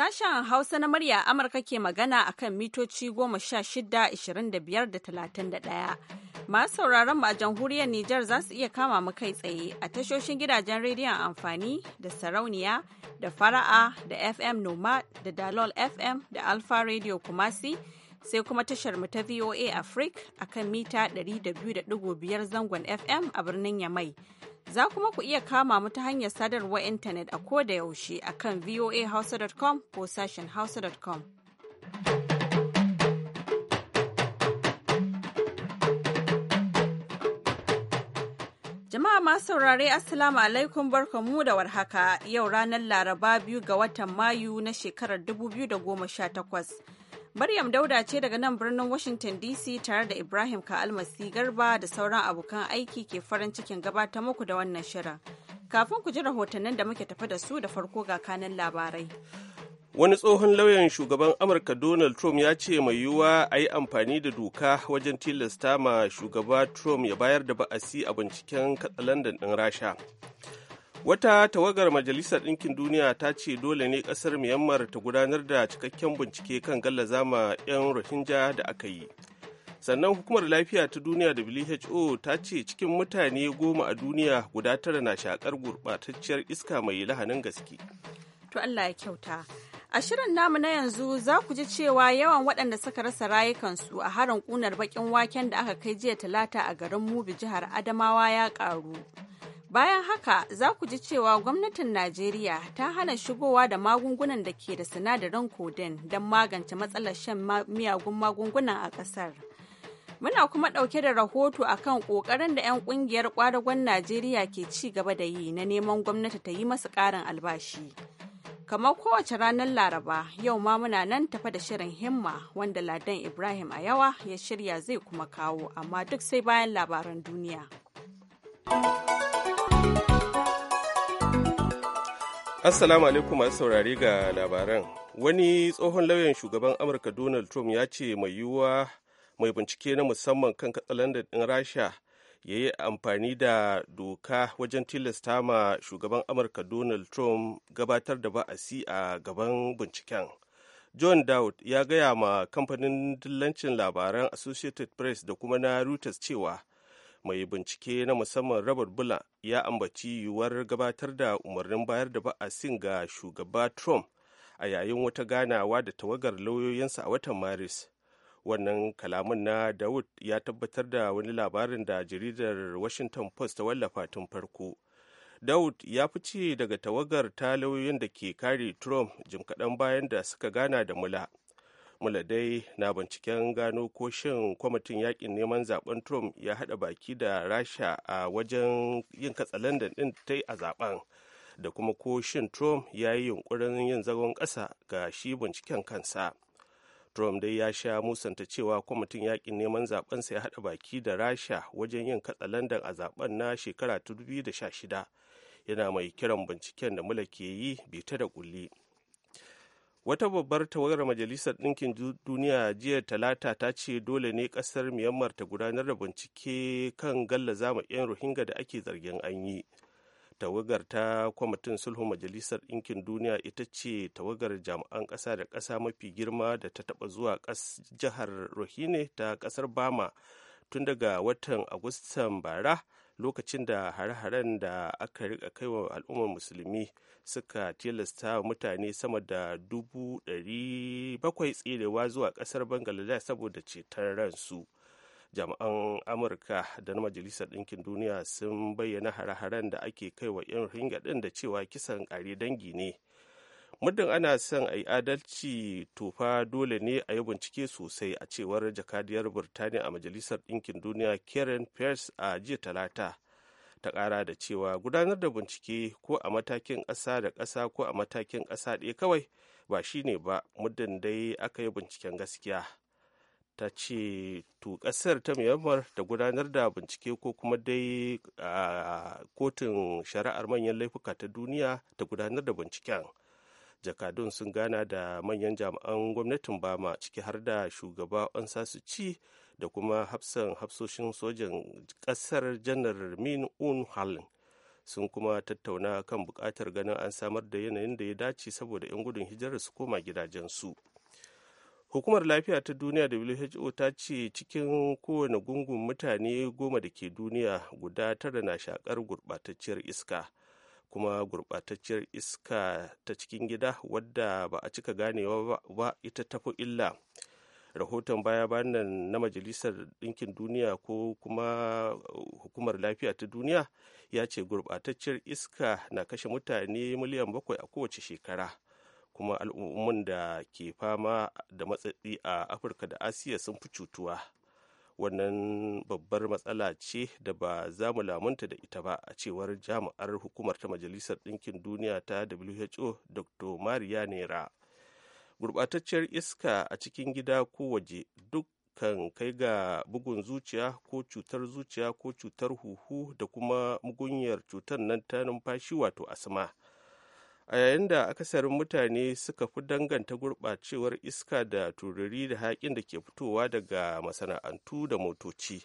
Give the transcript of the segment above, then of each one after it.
Sashen Hausa na murya Amurka ke magana a kan mitoci goma sha shida, ishirin da biyar da talatin da ɗaya. Masu sauraron mu a jamhuriyar Nijar za su iya kama mu kai tsaye a tashoshin gidajen rediyon amfani da sarauniya da fara'a da FM Noma da Dalol FM da Alfa Radio Kumasi sai kuma tashar mu ta VOA Africa a kan mita 200.5 zangon FM a birnin Yamai. Za kuma ku iya kama mu ta hanyar sadarwar intanet a koda yaushe a kan voahausa.com ko sashen hausa.com. Jama'a masu saurare Assalamu alaikum barkamu da warhaka yau ranar Laraba biyu ga watan Mayu na shekarar 2018. Maryam Dauda ce daga nan birnin Washington DC tare da Ibrahim Ka'almasi Garba da sauran abokan aiki ke farin cikin gabatar muku da wannan shirin. Kafin ku ji rahotannin da muke tafi da su da farko ga kanin labarai. Wani tsohon lauyan shugaban Amurka Donald Trump ya ce mai yiwuwa a yi amfani da doka wajen tilasta ma shugaba Trump ya bayar da ba'asi a binciken katsalandan ɗin Rasha. Wata tawagar Majalisar Ɗinkin Duniya ta ce dole ne ƙasar Myanmar ta gudanar da cikakken bincike kan gallazama 'yan Rohingya da aka yi. Sannan hukumar lafiya ta duniya WHO ta ce cikin mutane goma a duniya guda tara na shakar gurɓatacciyar iska mai lahanin gaske. To Allah ya kyauta. A shirin namu na yanzu za ku ji cewa yawan waɗanda suka rasa rayukansu a harin ƙunar baƙin waken da aka kai jiya talata a garin Mubi jihar Adamawa ya ƙaru. Bayan haka za ku ji cewa gwamnatin Najeriya ta hana shigowa da magungunan da ke da sinadarin kodin don magance matsalar shan miyagun magungunan a ƙasar. Muna kuma ɗauke da rahoto a kan ƙoƙarin da 'yan ƙungiyar ƙwadagon Najeriya ke ci gaba da yi na neman gwamnati ta yi masu ƙarin albashi. Kamar kowace ranar Laraba, yau ma muna nan tafa da shirin himma wanda Ladan Ibrahim a yawa ya shirya zai kuma kawo, amma duk sai bayan labaran duniya. Assalamu alaikum masu saurari ga labaran. Wani tsohon lauyan shugaban Amurka Donald Trump ya ce mai yiwuwa mai bincike na musamman kan katsalandar ɗin Rasha ya yi amfani da doka wajen tilasta ma shugaban Amurka Donald Trump gabatar da ba'asi a gaban binciken. John Dowd ya gaya ma kamfanin dillancin labaran Associated Press da kuma na Reuters cewa mai bincike na musamman robert bula ya ambaci yiwuwar gabatar da umarnin bayar da ba'asin ga shugaba trump a yayin wata ganawa da tawagar lauyoyinsa a watan maris wannan kalamin na dawud ya tabbatar da wani labarin da jaridar washington post ta wallafa tun farko dawud ya fice daga tawagar ta lauyoyin da ke kare trump jim kaɗan bayan da suka gana da mula mula dai na binciken gano ko shin kwamitin yakin neman zaben trump ya haɗa baki da rasha a wajen yin katsalandan ɗin ta yi a zaben da kuma ko shin trump ya yi yunkurin yin zagon ƙasa ga shi binciken kansa trump dai ya sha musanta cewa kwamitin yakin neman zaɓensa ya haɗa baki da rasha wajen yin katsalandan a zaben na shekara 2016 yana mai kiran binciken da mula ke yi bita da ƙulli. wata babbar tawagar majalisar ɗinkin duniya jiya talata ta ce dole ne ƙasar myanmar ta gudanar da bincike kan galla ma 'yan rohingya da ake zargin an yi tawagar ta kwamitin sulhu majalisar ɗinkin duniya ita ce tawagar jami'an ƙasa da ƙasa mafi girma da ta taɓa zuwa jihar rohine ta ƙasar bama tun daga watan agustan bara lokacin da hare-haren da aka rika kaiwa al'ummar musulmi suka tilasta mutane sama da dubu ɗari bakwai tserewa zuwa ƙasar bangladesh saboda ceton ransu jami'an amurka da na majalisar ɗinkin duniya sun bayyana hare-haren da ake kai wa 'yan ringa ɗin da cewa kisan ƙare dangi ne muddin ana son a yi adalci tofa dole ne a yi bincike sosai a cewar jakadiyar birtaniya a majalisar ɗinkin duniya karen pierce a jiya talata ta ƙara da cewa gudanar da bincike ko a matakin ƙasa da ƙasa ko a matakin ƙasa ɗaya kawai ba shi ne ba muddin dai aka yi binciken gaskiya ta ce to ƙasar ta myanmar da gudanar da bincike ko kuma dai a kotun shari'ar manyan laifuka ta duniya ta gudanar da binciken jakadun sun gana da manyan jami'an gwamnatin bama ciki har da shugaba ansa su ci da kuma hafsan hafsoshin sojan kasar janar min un halin sun kuma tattauna kan bukatar ganin an samar da yanayin da ya dace saboda 'yan gudun hijirar su koma gidajensu hukumar lafiya ta duniya who ta ce cikin kowane gungun mutane goma da ke duniya guda tara na shakar gurbatacciyar iska kuma gurbatacciyar iska ta cikin gida wadda ba a cika ganewa ba ita tafi illa rahoton baya bayan na majalisar ɗinkin duniya ko kuma uh, hukumar lafiya ta duniya ya ce gurɓatacciyar iska na kashe mutane miliyan bakwai a kowace shekara kuma al'ummun da ke fama da matsatsi a afirka da asiya sun fi cutuwa wannan babbar matsala ce da ba za mu lamunta da ita ba a cewar jami'ar hukumar ta majalisar ɗinkin duniya ta who dr maria nera gurɓatacciyar iska a cikin gida ko waje duk kan kai ga bugun zuciya ko cutar zuciya ko cutar huhu da kuma mugunyar cutar nan ta numfashi wato asma a yayin da akasarin mutane suka fi danganta gurɓacewar iska da tururi da haƙin da ke fitowa daga masana'antu da motoci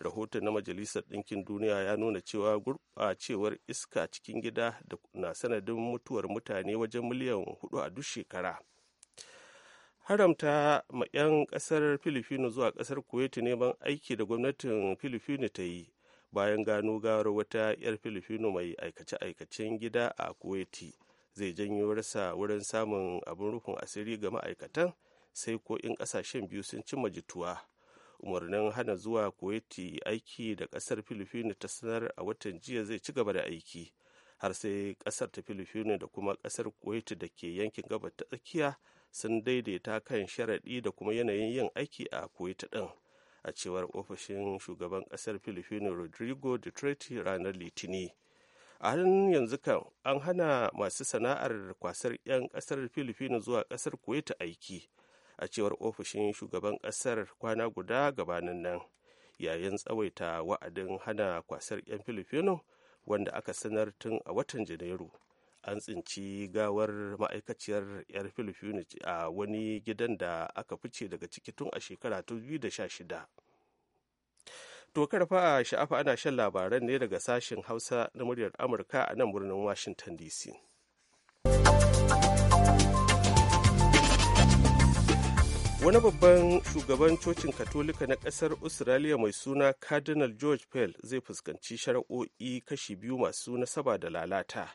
rahoton na majalisar ɗinkin duniya ya nuna cewa gurɓacewar iska cikin gida na sanadin mutuwar mutane wajen miliyan hudu a duk shekara haramta ma 'yan kasar filifino zuwa kasar kuwait neman aiki da gwamnatin filifino ta yi bayan gano gawar wata 'yar filifino mai aikace-aikacen gida a kuwaiti zai janyo rasa wurin samun abin rufin asiri ga ma'aikatan sai ko in kasashen biyu sun cimma jituwa umarnin hana zuwa kuwaiti aiki da kasar filifino ta sanar a watan jiya zai ci gaba da aiki har sai kasar ta filifino da kuma kasar kuwaiti da ke yankin gabar ta tsakiya sun daidaita kan sharaɗi da kuma yanayin yin aiki a Kuwaita ɗin a cewar ofishin shugaban ƙasar filifino rodrigo duterte ranar litini a halin yanzu kan an hana masu sana'ar kwasar 'yan ƙasar filifino zuwa ƙasar Kuwaita aiki a cewar ofishin shugaban ƙasar kwana guda gabanin nan yayin tsawaita wa'adin hana kwasar 'yan filifino wanda aka sanar tun a watan janairu an tsinci gawar ma'aikaciyar yar filifinu a wani gidan da aka fice daga ciki tun a shekara 2016 to karfa a sha'afa ana shan labaran ne daga sashen hausa na muryar amurka a nan birnin washington dc wani babban shugaban cocin katolika na kasar australia mai suna cardinal george pell zai fuskanci shara'o'i kashi biyu masu nasaba da lalata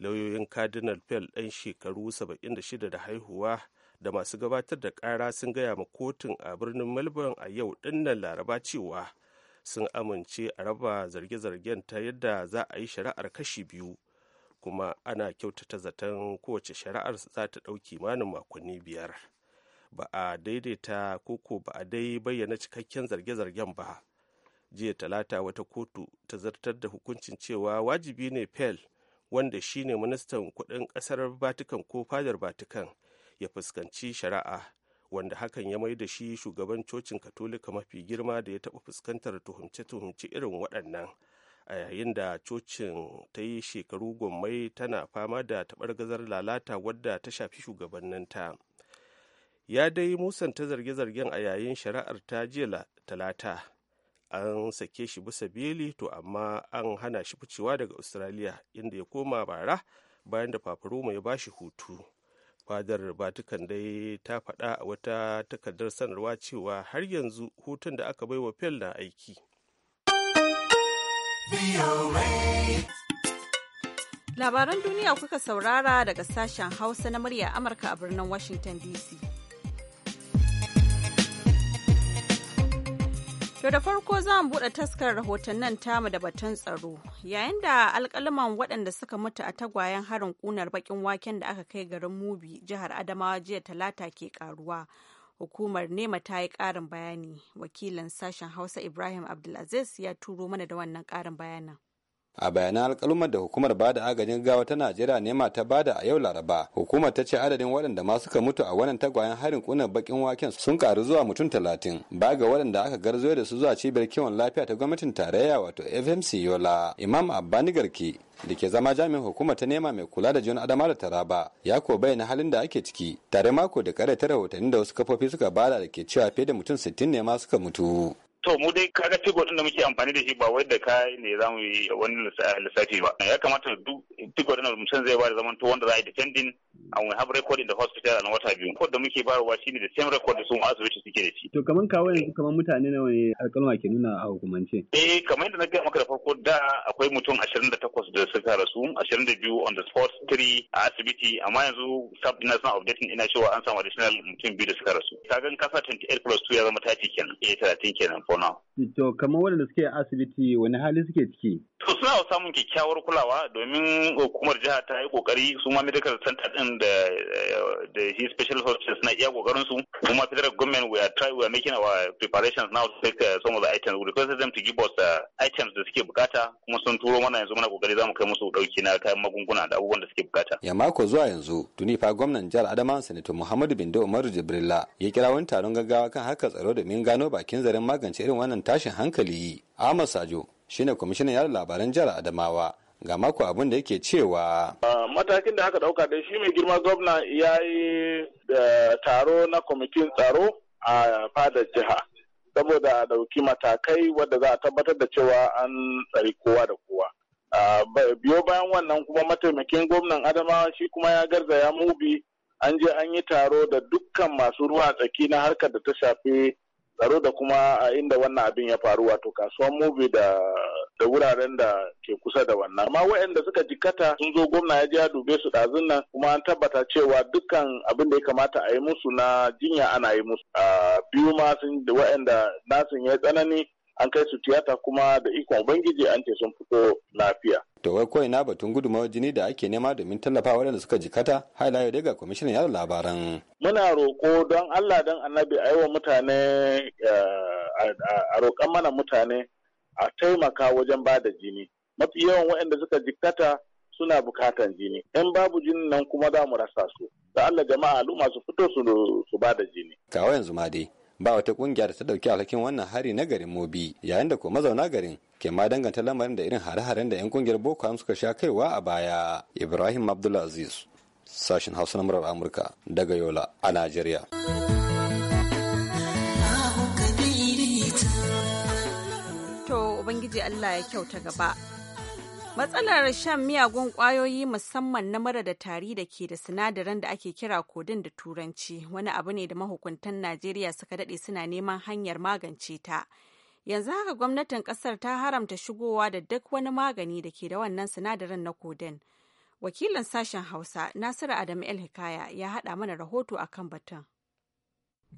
lauyoyin cardinal pell ɗan shekaru 76 da haihuwa da masu gabatar da ƙara sun gaya ma kotun a birnin melbourne a yau dinnan laraba cewa sun amince a raba zarge-zargen ta yadda za a yi shari'ar kashi biyu kuma ana kyautata zaton kowace shari'ar za ta ɗauki manin makonni biyar ba a daidaita koko ba a dai bayyana cikakken zarge-zargen ba jiya talata wata kotu ta zartar da hukuncin cewa wajibi ne pell wanda shine ministan kudin kasar batikan ko fadar batikan ya fuskanci shari'a wanda hakan ya mai da shi shugaban cocin katolika mafi girma da ya taɓa fuskantar tuhumce-tuhumce irin waɗannan a yayin da cocin ta yi shekaru gwammai tana fama da taɓar gazar lalata wadda ta shafi shugabanninta ya dai musanta zarge-zargen a yayin shari'ar ta jiya talata an sake shi bisa beli to amma an hana shi ficewa daga australia inda ya koma bara bayan da fafaroma ya bashi hutu fadar batukan dai ta faɗa a wata takardar sanarwa cewa har yanzu hutun da aka baiwa fel na aiki labaran duniya kuka saurara daga sashen hausa na murya amurka a birnin washington dc To da farko za mu buɗe taskar rahotannin tamu da batun tsaro. Yayin da alkalaman waɗanda suka mutu a tagwayen harin ƙunar baƙin waken da aka kai garin Mubi, jihar Adamawa jiya Talata ke ƙaruwa. Hukumar Nema ta yi ƙarin bayani. Wakilin sashen Hausa Ibrahim Abdulaziz ya turo mana da wannan ƙarin bayanin. a bayanan alkalumar da hukumar bada agajin gawa ta najeriya nema ta bada a yau laraba hukumar ta ce adadin waɗanda ma suka mutu a wannan tagwayen harin ƙunar bakin waken sun karu zuwa mutum talatin ba ga waɗanda aka garzo da su zuwa cibiyar kiwon lafiya ta gwamnatin tarayya wato fmc yola imam abbani garki da ke zama jami'in hukumar ta nema mai kula da jiyon adama da taraba ya ko bayyana halin da ake ciki tare mako da kare ta rahotanni da wasu kafofi suka bada da ke cewa fiye da mutum sittin ne ma suka mutu To mu dai kaga tigo din da muke amfani da shi ba wai da kai ne za mu yi wani lissafi ba. Ya kamata duk tigo din da san zai ba da zaman to wanda za a yi defending and we have record in the hospital na wata biyu. Ko da muke ba bayarwa shine the same record da su asibiti suke da shi. To kaman kawo yanzu kaman mutane nawa ne alƙalma ke nuna a hukumance? Eh kamar yadda na gaya maka da farko da akwai mutum 28 da suka rasu 22 on the spot 3 a asibiti amma yanzu sub na suna updating ina cewa an samu additional mutum biyu da suka rasu. Kagan kasa 28 plus 2 ya zama 30 kenan. Eh 30 kenan. kona. To kamar waɗanda suke asibiti wani hali suke ciki? To suna samun kyakkyawar kulawa domin hukumar jiha ta yi kokari su ma medical center din da eh, da he special hospital suna iya kokarin su kuma federal government we are try we are making our preparations now to take uh, some of the items we requested them to give us uh, items da suke bukata kuma sun turo mana yanzu muna kokari zamu kai musu dauki na kayan magunguna da abubuwan da suke bukata. Ya mako zuwa yanzu tuni fa gwamnan jihar Adama Sanato Muhammadu Bindo Umaru Jibrilla ya kira wani taron gaggawa kan harkar tsaro domin gano bakin zarin magance ce irin wannan tashin hankali ahmad sajo shine kwamishinan yada labaran jihar adamawa ga mako abin da yake cewa matakin da aka dauka da shi mai girma gwamna ya yi da eh, taro na kwamitin tsaro a fadar jiha saboda a dauki matakai wadda za a tabbatar da cewa an tsari kowa da kowa biyo bayan wannan kuma mataimakin gwamnan adamawa shi kuma ya garzaya mubi an je an yi taro da dukkan masu ruwa tsaki na harkar da ta shafi tsaro da kuma a inda wannan abin ya faru wato kasuwan movie da da wuraren da ke kusa da wannan amma waɗanda suka jikata sun zo gwamna ya je ya dube su ɗazun nan kuma an tabbata cewa dukkan abin da ya kamata a yi musu na jinya ana yi musu a biyu ma sun da waɗanda nasun ya tsanani an kai su tiyata kuma da ikon ubangiji an ce sun fito lafiya to wai ko ina batun gudunmawar jini da ake nema domin tallafa waɗanda suka jikata haila yau daga kwamishinan yada labaran muna roƙo don allah don annabi a wa mutane eh, a roƙan mana mutane a taimaka wajen ba da jini mafi yawan waɗanda suka jikata suna bukatan jini in babu jini nan kuma za mu rasa su da allah jama'a al'umma su fito su ba da jini kawai yanzu ma dai ba wata kungiya da ta dauki alhakin wannan hari na garin mobi yayin da ko mazauna garin ke ma danganta lamarin da irin hare-haren da 'yan kungiyar boko haram suka sha kaiwa a baya ibrahim abdulaziz sashen hausa na murar amurka daga yola a najeriya to allah ya kyauta gaba Matsalar shan miyagun ƙwayoyi musamman na mara da tari da ke da sinadaran da ake kira kodin da turanci wani abu ne da mahukuntan Najeriya suka daɗe suna neman hanyar magance ta. Yanzu haka gwamnatin ƙasar ta haramta shigowa da duk wani magani da ke da wannan sinadarin na kodin. Wakilin sashen Hausa Nasiru Adamu El Hikaya ya haɗa mana rahoto akan batun.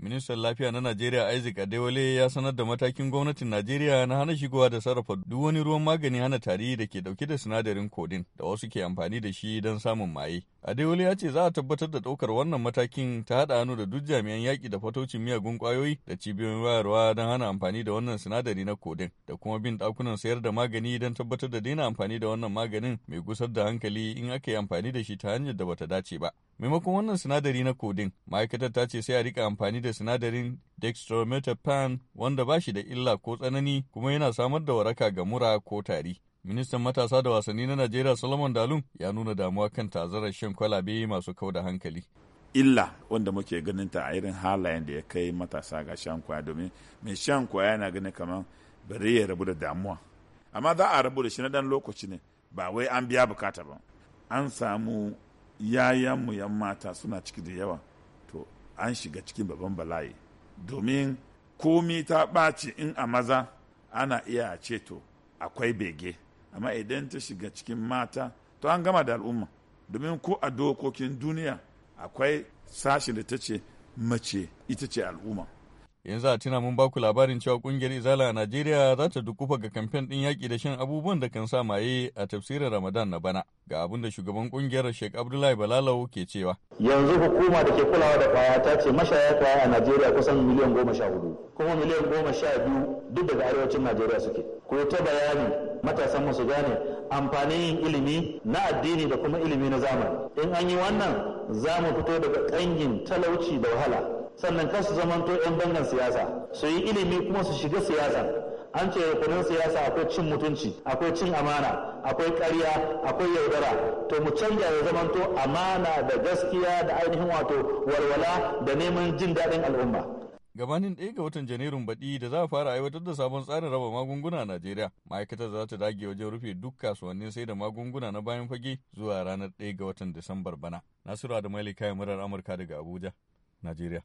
Ministan Lafiya na Najeriya Isaac Adewale ya sanar da matakin gwamnatin Najeriya na hana shigowa da sarrafa duk wani ruwan magani hana tari da ke dauke da sinadarin kodin da wasu ke amfani da shi don samun maye. Adewale ya ce za a tabbatar da ɗaukar wannan matakin ta haɗa hannu da duk jami'an yaƙi da fatocin miyagun kwayoyi da cibiyoyin wayarwa don hana amfani da wannan sinadari na kodin da kuma bin ɗakunan sayar da magani don tabbatar da daina amfani da wannan maganin mai gusar da hankali in aka yi amfani da shi ta hanyar da bata dace ba. Maimakon wannan sinadari na kodin, ma'aikatar ta ce sai a rika amfani da sinadarin dextrometapan wanda ba shi da illa ko tsanani kuma yana samar da waraka ga mura ko tari. Ministan matasa da wasanni na Najeriya Solomon Dalun ya nuna damuwa kan tazarar shan kwalabe masu kau da hankali. illa wanda muke ganin ta a irin halayen da ya kai matasa ga shan kwaya domin mai shan kwaya yana gani kamar bari ya rabu da damuwa amma za a rabu da shi na dan lokaci ne ba wai an biya bukata ba an samu yayanmu yan mata suna ciki da yawa to an shiga cikin babban bala'i domin komi ta ɓaci in a maza ana iya ce to akwai bege amma idan ta shiga cikin mata to an gama da al'umma domin ko a dokokin duniya akwai sashen da ta ce mace ita ce al'umma yanzu a tuna mun baku labarin cewa kungiyar izala a najeriya za ta dukufa ga kamfen din yaki da shan abubuwan da kan sa maye a tafsirin ramadan na bana ga abin da shugaban kungiyar sheikh abdullahi balalau ke cewa yanzu hukuma da ke kulawa da kwaya ta ce mashaya kwaya a najeriya kusan miliyan goma sha hudu kuma miliyan goma sha biyu duk daga arewacin najeriya suke ko ta bayani matasan musu gane amfanin yin ilimi na addini da kuma ilimi na zamani in an yi wannan za mu fito daga kangin talauci da wahala sannan kan su zamanto 'yan bangan siyasa su yi ilimi kuma su shiga siyasa an ce rukunin siyasa akwai cin mutunci akwai cin amana akwai karya akwai yaudara to mu canja ya zamanto amana da gaskiya da ainihin wato walwala da neman jin daɗin al'umma gabanin ɗaya ga watan janairun baɗi da za a fara aiwatar da sabon tsarin raba magunguna a najeriya ma'aikatar za ta dage wajen rufe duk kasuwannin sai da magunguna na bayan fage zuwa ranar ɗaya ga watan disambar bana nasiru da ya kayan murar amurka daga abuja najeriya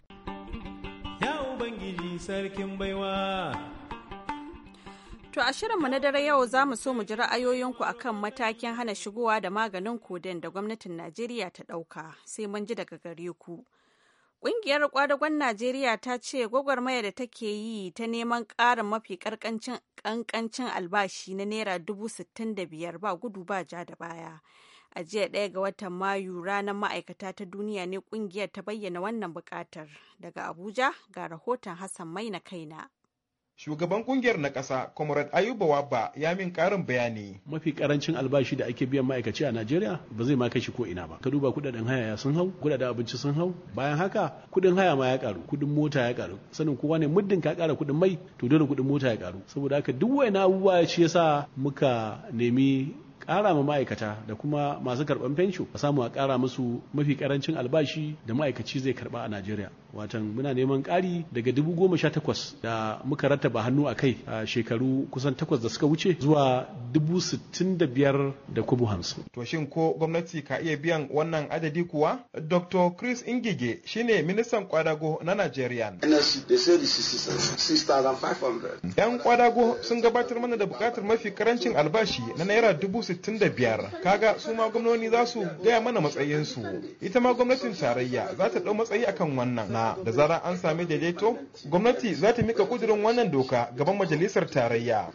ya ubangiji sarkin baiwa To a shirinmu na dare yau za mu so mu ji ra'ayoyinku kan matakin hana shigowa da maganin kodin da gwamnatin Najeriya ta ɗauka sai mun ji daga gare ku. Ƙungiyar kwadagon Najeriya ta ce gwagwarmaya da take yi ta neman ƙarin mafi ƙanƙancin albashi na Naira dubu sittin da biyar ba gudu ba ja da baya a jiya daya ga watan mayu ranar ma'aikata ta duniya ne kungiyar ta bayyana wannan buƙatar daga abuja ga rahoton hassan mai na kaina shugaban kungiyar na ƙasa comrade ayuba wabba ya min ƙarin bayani mafi ƙarancin albashi da ake biyan ma'aikaci a najeriya ba zai ma shi ko ina ba ka duba kudaden haya sun hau kudaden abinci sun hau bayan haka kudin haya ma ya karu kudin mota ya karu sanin kowa ne muddin ka kara kudin mai to dole kudin mota ya karu saboda haka duk wani abubuwa ya ce yasa muka nemi Kara ma ma'aikata da kuma masu karɓan fensho a samu a kara musu mafi karancin albashi da ma'aikaci zai karɓa a Najeriya. Watan muna neman ƙari daga dubu goma sha takwas da muka rattaba hannu a kai a shekaru kusan takwas da suka wuce zuwa dubu sittin da biyar da kubu hamsin. To shin ko gwamnati ka iya biyan wannan adadi kuwa? Dr. Chris Ingige shine ministan kwadago na Najeriya. 'Yan kwadago sun gabatar mana da bukatar mafi karancin albashi na naira dubu 65 kaga su ma gwamnoni za su gaya mana matsayinsu ita ma gwamnatin tarayya za ta ɗau matsayi akan wannan na da zara an sami daidaito gwamnati za ta mika kudirin wannan doka gaban majalisar tarayya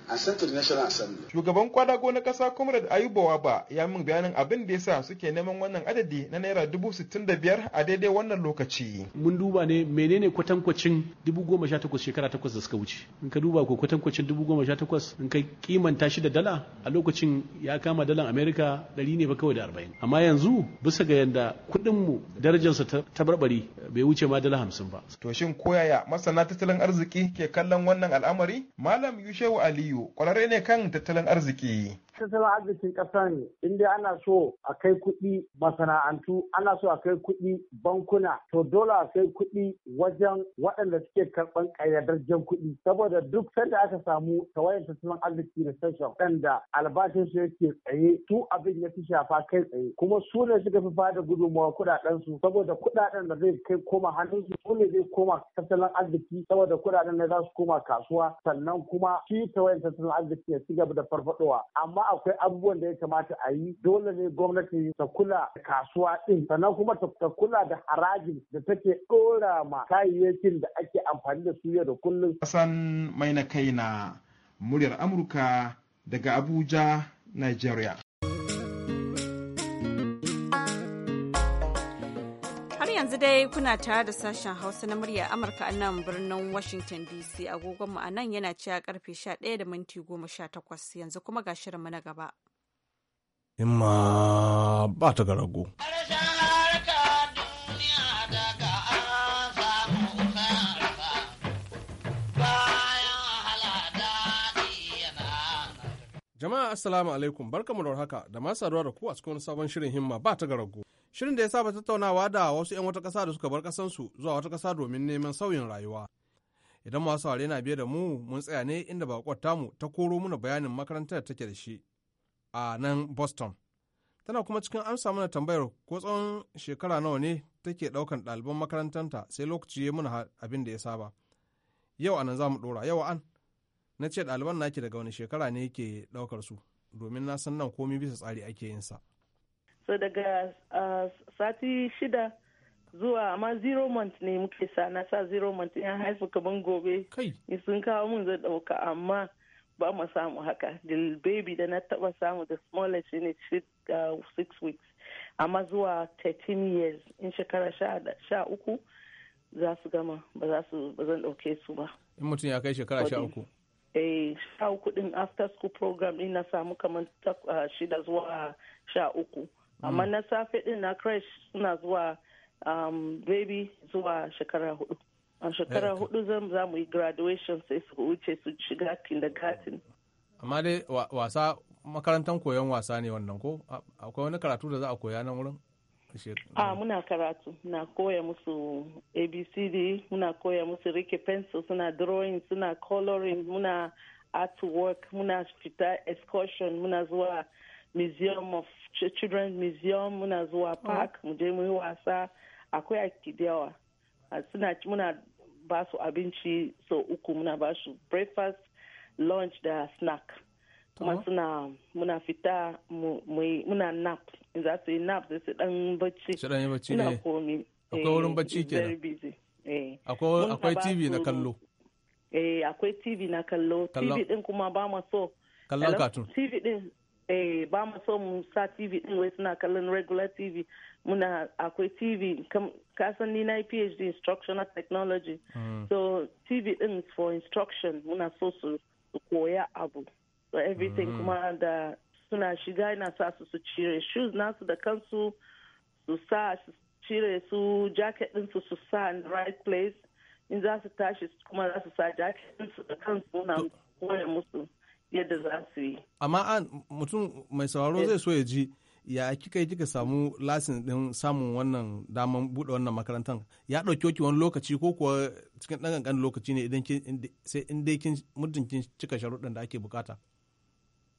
shugaban kwadago na ƙasa comrade ayuba ba ya min bayanin abin da yasa suke neman wannan adadi na naira dubu a daidai wannan lokaci mun duba ne menene kwatankwacin dubu goma sha takwas shekara takwas da suka wuce in ka duba ko kwatankwacin dubu goma sha takwas in ka kimanta shi da dala a lokacin ya kama kama dalan america ɗari ne ba kawai da arba'in amma yanzu bisa ga yanda kuɗin mu darajarsa ta barbari bai wuce ma dala hamsin ba to shin koyaya masana tattalin arziki ke kallon wannan al'amari malam yushewu aliyu kwararre ne kan tattalin arziki tattalin arzikin ƙasa ne inda ana so a kai kuɗi masana'antu ana so a kai kuɗi bankuna to dole a kai kuɗi wajen waɗanda suke karɓan ƙayyadajjen kuɗi saboda duk sanda aka samu tawayan tattalin arziki sashen ɗan da albashin su yake tsaye su abin ya fi shafa kai tsaye kuma su ne suka fi fada gudunmawa kuɗaɗen su saboda kuɗaɗen da zai kai koma hannun su su ne zai koma tattalin arziki saboda kuɗaɗen da za su koma kasuwa sannan kuma shi ta wayan tattalin arziki ya ci gaba da farfadowa amma akwai abubuwan da ya kamata a yi dole ne gwamnati ta kula da kasuwa din sannan kuma ta kula da harajin da take ɗora ma kayayyakin da ake amfani da su yau da kullum. Hassan mai na kai na muryar Amurka daga Abuja, Nigeria. Har yanzu dai kuna tare da sashen Hausa na murya Amurka a nan birnin Washington DC agogonmu a nan yana cewa karfe 11 da minti 18 yanzu kuma ga shirinmu na gaba. Imma ba ta ga rago. Jama'a assalamu alaikum barkamu da warhaka da ma saduwa da ku a cikin sabon shirin himma ba ta garago. Shirin da ya saba tattaunawa da wasu 'yan wata ƙasa da suka bar ƙasansu zuwa wata ƙasa domin neman sauyin rayuwa. Idan masu saurare na biye da mu mun tsaya ne inda bakwar tamu ta koro muna bayanin makarantar da take da shi a nan Boston. Tana kuma cikin amsa mana tambayar ko tsawon shekara nawa ne take ɗaukan ɗaliban makarantanta sai lokaci ya muna abin da ya saba. Yau anan za mu ɗora yau an. na ce ɗaliban naki daga wani shekara ne yake ɗaukar su domin na san nan komi bisa tsari ake yin sa so daga ah, sati shida zuwa amma zero month ne muke sa na sa zero month yan haifu kaman gobe sun kawo mun zai ɗauka amma ba mu samu haka the baby da na taɓa samu da smallest shine uh, ah, six weeks amma zuwa 13 years in shekara sha uku za su gama ba za su ba zan ɗauke su ba in mutum ya kai shekara sha uku A eh, sha uku din after school program ina samu kamar ah, shida zuwa sha uku amma mm. na safe din na crash suna zuwa um, baby zuwa shekara hudu a shekara eh, hudu zan za mu yi graduation sai su wuce su shiga kindergarten amma dai wasa makarantar koyon wasa ne wannan ko akwai wani karatu da za a koya nan wurin a ah, mm. muna karatu na koya musu abcd muna koya musu rike pencil suna drawing suna coloring muna artwork muna fita excursion muna zuwa museum of children museum muna zuwa oh. park mu je mu yi wasa akwai aiki da yawa ah, suna muna ba su abinci sau uku muna ba su breakfast lunch da snack kuma suna muna fita muna nap za su yi nap da su dan bacci su dan yi bacci ne eh. komi akwai eh, wurin bacci ke eh. akwai akwai TV na kallo eh akwai TV na kallo TV din kuma ba mu so kallon cartoon TV din eh ba mu so mu sa TV din wai suna kallon regular TV muna akwai TV ka san ni na PhD instructional technology hmm. so TV din for instruction muna so su koya abu so everything mm. kuma da suna shiga yana sa su su cire shoes nasu da kansu su sa su cire su jacket din su su sa in the right place in za su tashi kuma za su sa jacket su da kansu na musu yadda za su yi. Amma an mutum mai sauraro eh. zai so ya ji ya kika yi kika samu lasin din samun wannan daman bude wannan makarantar ya ɗauki ki wani lokaci ko kuwa cikin ɗan lokaci ne idan sai in dai kin muddin cika sharuɗin da ake bukata.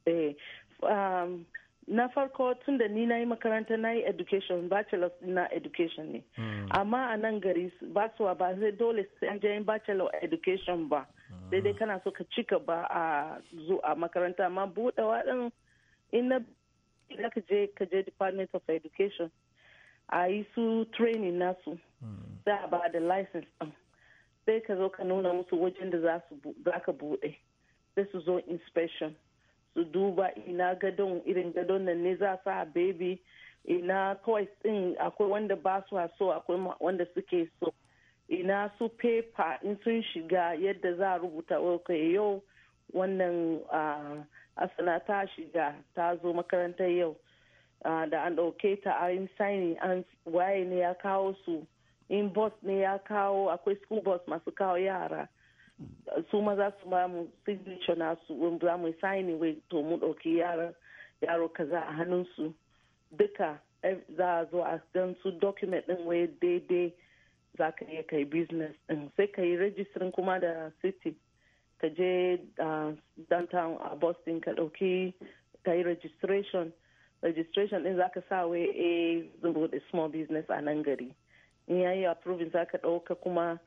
eh um, na farko tun da ni na yi makaranta na yi education bachelor na education ne hmm. amma a nan gari ba su ba sai dole sai an yin bachelor education ba hmm. sai dai kana so ka cika ba a zo a makaranta amma buɗewa waɗin in na ka je ka je department of education a yi su training nasu hmm. za a ba da license ɗin sai ka zo ka nuna musu wajen da za ka buɗe sai su zo inspection su duba ina gadon irin gadon nan ne za sa baby ina kawai tsin akwai wanda ba su so akwai wanda suke so ina su paper in sun shiga yadda za a rubuta okay yau wannan asana ta shiga ta zo makarantar yau da an ɗauke ta an signing an waye ne ya kawo su in bus ne ya kawo akwai school bus masu kawo yara su ma za su mu signature nasu wanda za mu signing wai to mu ɗauki yaro kaza a hannunsu duka eh, za a zo a gan su document ɗin wai daidai za ka iya kai business ɗin sai ka yi registering kuma da city ka je ah, downtown a boston ka ɗauki ka yi registration registration ɗin za ka sa wai a eh, zan buɗe small business a nan gari in yayi approving za ka ɗauka kuma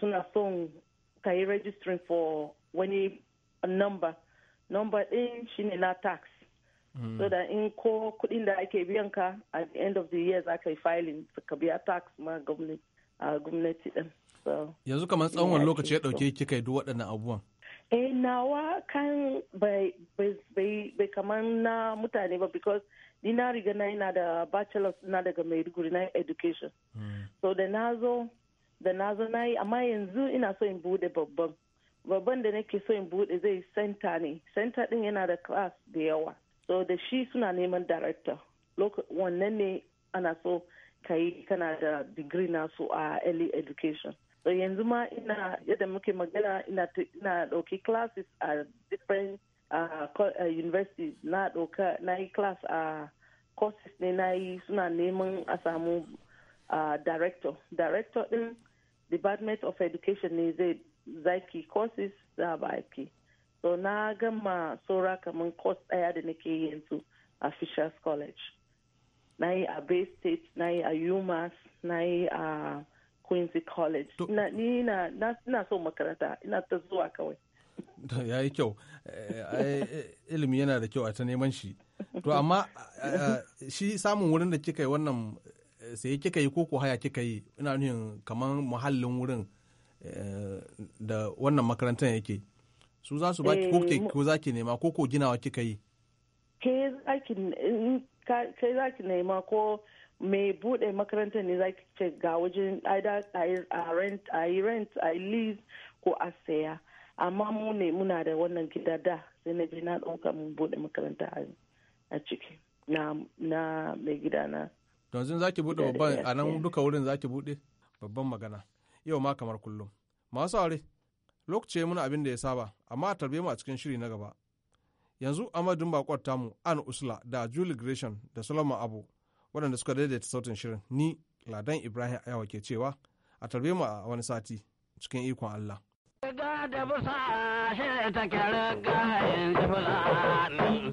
suna son ka yi registering for wani number number ɗin shine na tax Mm. so da in ko kudin da ake biyan ka at the end of the year za ka yi filing ka biya tax ma gwamnati a gwamnati din yanzu kamar tsawon wani lokaci ya dauke kika yi duk waɗannan abubuwan eh nawa kan bai bai kamar na mutane ba because ni na riga na ina da bachelor's na daga Maiduguri na education mm. so da na zo da na zo na yi amma yanzu ina so in bude babban babban da nake so in bude zai senta ne senta din yana da class da yawa so da shi suna neman director wannan ne ana so ka yi kana da digiri so a early education so yanzu ma ina yadda muke magana ina ina dauki classes a different uh, universities na ɗauka na yi class a courses ne na yi suna neman a samu uh, director director din department of education ne zai zaki courses za ba ake so na gama saura kamar course daya da nake yanzu a fishers college na yi a bay state na yi a umass na yi a quincy college ni na so makaranta ina ta zuwa kawai ya yi kyau eh, eh, eh, ilimi yana da kyau a ta neman shi to amma shi samun wurin da kika yi wannan sai kika yi koko haya kika yi ina nuhin kamar muhallin wurin eh, da wannan makarantar yake su za su baki eh, ko za ki nema ko ko ginawa kika yi ke za ki nema ko mai bude makarantar ne za ki ce ga wajen a rent a yi rent a lease ko a saya amma mu ne muna da wannan gida da sai na je na ɗauka mun bude makaranta a ciki na mai gida na yanzu za ki buɗe babban a nan duka wurin za ki buɗe babban magana yau ma kamar kullum masu aure lokaci ya muna abin da ya saba amma a tarbe mu a cikin shiri na gaba yanzu amadun bakwar tamu an usla da julie gresham da solomon abu waɗanda suka daidaita sautin shirin ni ladan ibrahim ayawa ke cewa a tarbe mu a wani sati cikin ikon allah Gada da busa shi take riga yanzu fulani.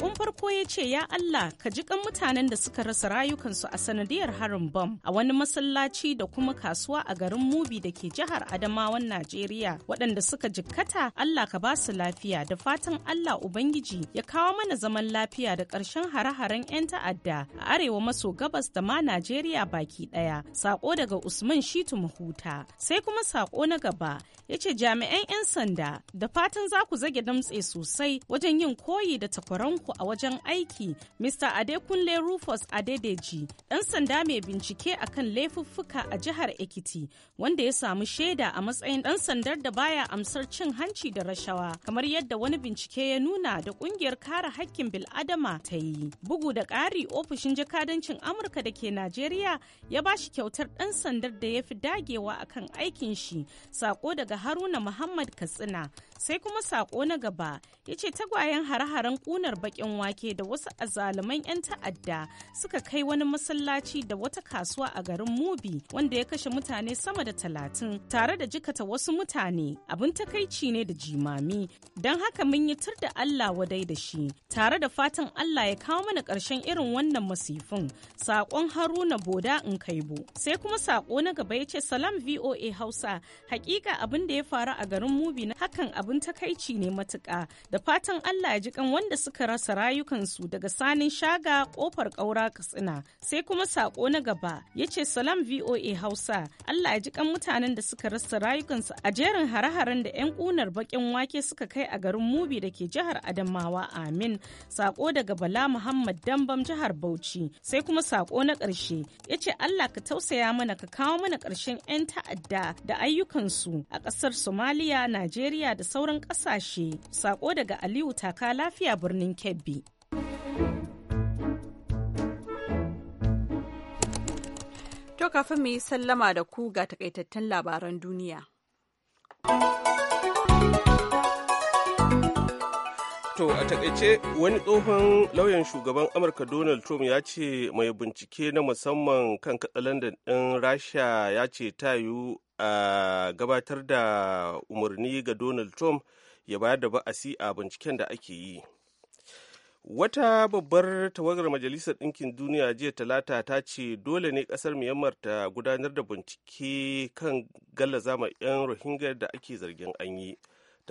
Sakon farko ya ce ya Allah ka ji kan mutanen da suka rasa rayukansu a sanadiyar harin bom a wani masallaci da kuma kasuwa a garin Mubi da ke jihar Adamawan Najeriya waɗanda suka jikkata Allah ka ba su lafiya da fatan Allah Ubangiji ya kawo mana zaman lafiya da ƙarshen hare-haren 'yan ta'adda a arewa maso gabas da ma Najeriya baki ɗaya. Sako daga Usman Shitu Mahuta. Sai kuma sako na gaba ya ce jami'an 'yan sanda da fatan za ku zage damtse sosai wajen yin koyi da takwaranku. uku a wajen aiki mr adekunle rufus adedeji 'dan sanda mai bincike akan laifuffuka a jihar ekiti wanda ya samu shaida a matsayin ɗan sandar da baya amsar cin hanci da rashawa kamar yadda wani bincike ya nuna da ƙungiyar kare hakkin bil'adama ta yi bugu da ƙari ofishin jakadancin amurka da ke najeriya ya ba shi kyautar ɗan sandar da ya fi dagewa akan aikin shi sako daga haruna muhammad katsina sai kuma sako na gaba ya ce tagwayen hare-haren kunar bakin wake da wasu azaluman 'yan ta'adda suka kai wani masallaci da wata kasuwa a garin mubi wanda ya kashe mutane sama da talatin tare da jikata wasu mutane abin takaici ne da jimami don haka mun yi tur da allah wadai da shi tare da fatan allah ya kawo mana ƙarshen irin wannan masifin sakon haruna boda in kaibo sai kuma sako na gaba ya ce salam voa hausa hakika abin da ya faru a garin mubi na hakan abin abin takaici ne matuƙa da fatan Allah ya ji kan wanda suka rasa rayukansu daga sanin shaga kofar ƙaura katsina sai kuma sako na gaba ya ce salam VOA Hausa Allah ya ji kan mutanen da suka rasa rayukansu a jerin hare-haren da 'yan ƙunar baƙin wake suka kai a garin Mubi da ke jihar Adamawa amin sako daga Bala Muhammad Dambam jihar Bauchi sai kuma sako na ƙarshe ya ce Allah ka tausaya mana ka kawo mana ƙarshen 'yan ta'adda da ayyukansu a ƙasar Somalia, Najeriya da sauran ƙasashe. Sako daga Aliyu Taka Lafiya birnin Kebbi. To kafin mu yi sallama da ku ga takaitattun labaran duniya. To a takaice wani tsohon lauyan shugaban Amurka Donald Trump ya ce mai bincike na musamman kan katsalandan ɗin Rasha ya ce ta yiwu a gabatar da umarni ga Donald Trump ya bayar da ba'asi a binciken da ake yi. Wata babbar tawagar Majalisar Ɗinkin Duniya jiya Talata ta ce dole ne ƙasar Myanmar ta gudanar da bincike kan gallaza ma 'yan Rohingya da ake zargin an yi.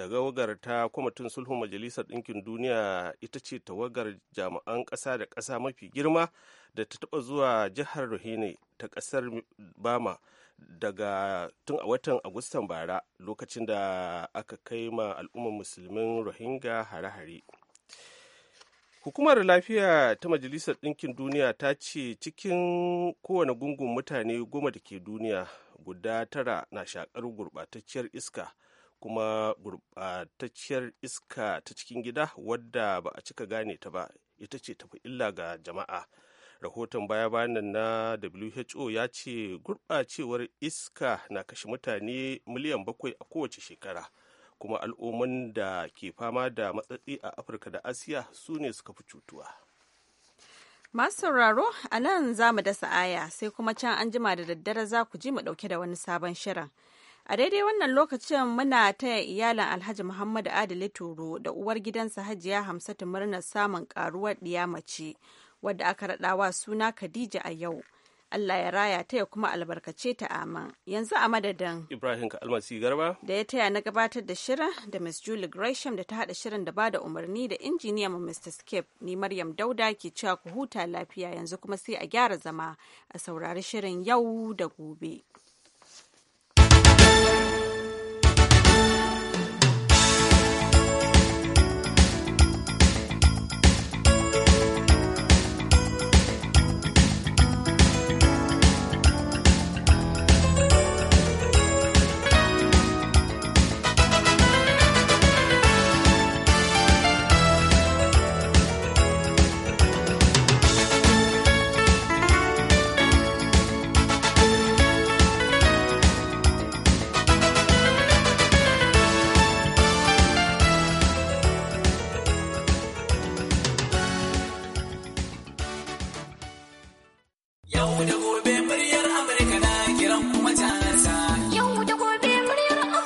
wagar ta kwamitin sulhun majalisar ɗinkin duniya ita ce tawagar jami'an ƙasa da ƙasa mafi girma da ta taɓa zuwa jihar rohine ta ƙasar bama daga tun a watan agustan bara lokacin da aka kai ma al'ummar musulmin rohingya hare-hare hukumar lafiya ta majalisar ɗinkin duniya ta ce cikin kowane gungun mutane goma da ke duniya guda tara na shakar gurbatacciyar iska kuma gurɓatacciyar iska ta cikin gida wadda ba a cika gane ta ba ita ce tafi illa ga jama'a rahoton baya-bayan na who ya ce gurɓacewar iska na kashe mutane miliyan bakwai a kowace shekara kuma al'umman da ke fama da matsatsi a afirka da asiya su ne suka fi cutuwa masu sauraro a nan za mu dasa aya sai kuma can an jima da daddare za ku ji mu ɗauke da wani sabon shirin. A daidai wannan lokacin muna taya iyalan Alhaji Muhammadu Adali Turo da uwar gidansa Hajiya Hamsatu murnar samun karuwar ɗiya mace wadda aka raɗawa suna Khadija a yau. Allah ya raya ta ya kuma albarkace ta aman Yanzu a madadin Ibrahim Almasi Garba da ya taya na gabatar da shirin da Miss Julie Gresham da ta haɗa shirin da ba da umarni da injiniya mu Mr. Skip ni Maryam Dauda ke cewa ku huta lafiya yanzu kuma sai a gyara zama a saurari shirin yau da gobe.